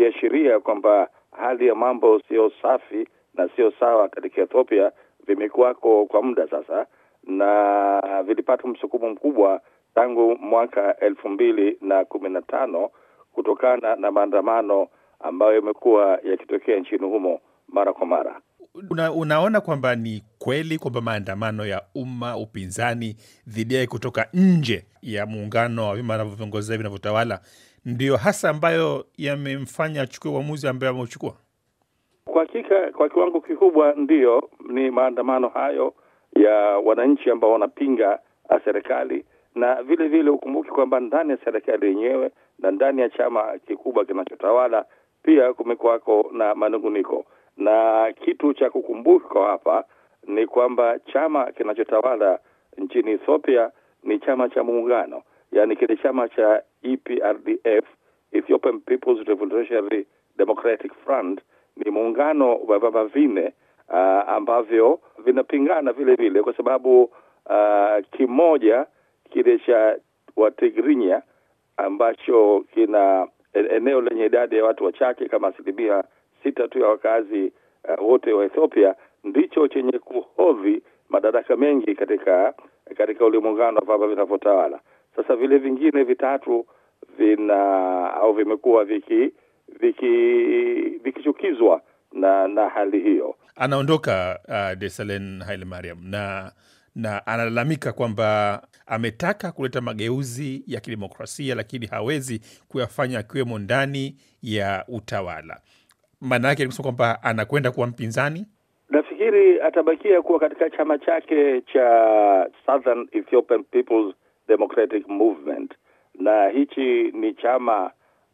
iliashiria kwamba hali ya mambo sio safi na sio sawa katika Ethiopia, vimekuwako kwa muda sasa na vilipata msukumo mkubwa tangu mwaka elfu mbili na kumi na tano kutokana na maandamano ambayo yamekuwa yakitokea nchini humo mara kwa mara. Una, unaona kwamba ni kweli kwamba maandamano ya umma upinzani dhidi yake kutoka nje ya muungano wa vyama vinavyoongoza hivi vinavyotawala ndiyo hasa ambayo yamemfanya achukue uamuzi ambayo ameuchukua? Kwa hakika kwa kiwango kikubwa ndiyo, ni maandamano hayo ya wananchi ambao wanapinga ah, serikali, na vile vile ukumbuke kwamba ndani ya serikali yenyewe na ndani ya chama kikubwa kinachotawala pia kumekuwako na manunguniko, na kitu cha kukumbukwa hapa ni kwamba chama kinachotawala nchini Ethiopia ni chama cha muungano, yaani kile chama cha EPRDF, Ethiopian People's Revolutionary Democratic Front, ni muungano wa vyama vine uh, ambavyo vinapingana vile vile kwa sababu uh, kimoja kile cha Watigrinya ambacho kina e-, eneo lenye idadi ya watu wachache kama asilimia sita tu ya wakazi uh, wote wa Ethiopia ndicho chenye kuhodhi madaraka mengi katika katika ule wa vyama vinavyotawala. Sasa vile vingine vitatu vina au vimekuwa viki vikichukizwa viki na na hali hiyo. Anaondoka uh, Desalegn Haile Mariam na na analalamika kwamba ametaka kuleta mageuzi ya kidemokrasia lakini hawezi kuyafanya akiwemo ndani ya utawala. Maana yake nikusema kwamba anakwenda kuwa mpinzani. Nafikiri atabakia kuwa katika chama chake cha Southern Ethiopian People's Democratic Movement, na hichi ni chama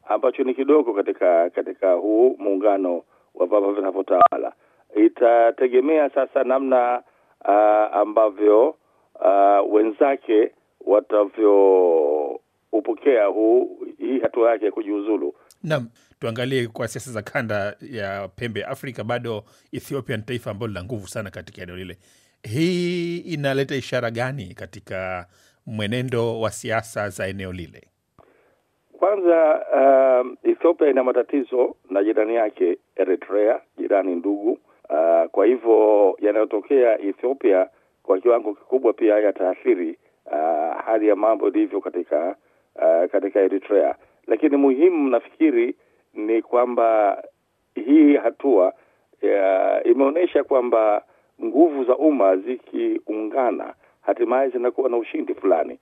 ambacho ni kidogo katika katika huu muungano wa vyama vinavyotawala. Itategemea sasa namna uh, ambavyo uh, wenzake watavyoupokea huu hii hatua yake ya kujiuzulu. Naam, tuangalie kwa siasa za kanda ya pembe ya Afrika, bado Ethiopia ni taifa ambalo lina nguvu sana katika eneo lile. Hii inaleta ishara gani katika mwenendo wa siasa za eneo lile? Kwanza uh, Ethiopia ina matatizo na jirani yake Eritrea, jirani ndugu. Uh, kwa hivyo yanayotokea Ethiopia kwa kiwango kikubwa pia yataathiri uh, hali ya mambo ilivyo katika uh, katika Eritrea, lakini muhimu nafikiri ni kwamba hii hatua uh, imeonyesha kwamba nguvu za umma zikiungana hatimaye zinakuwa na ushindi fulani.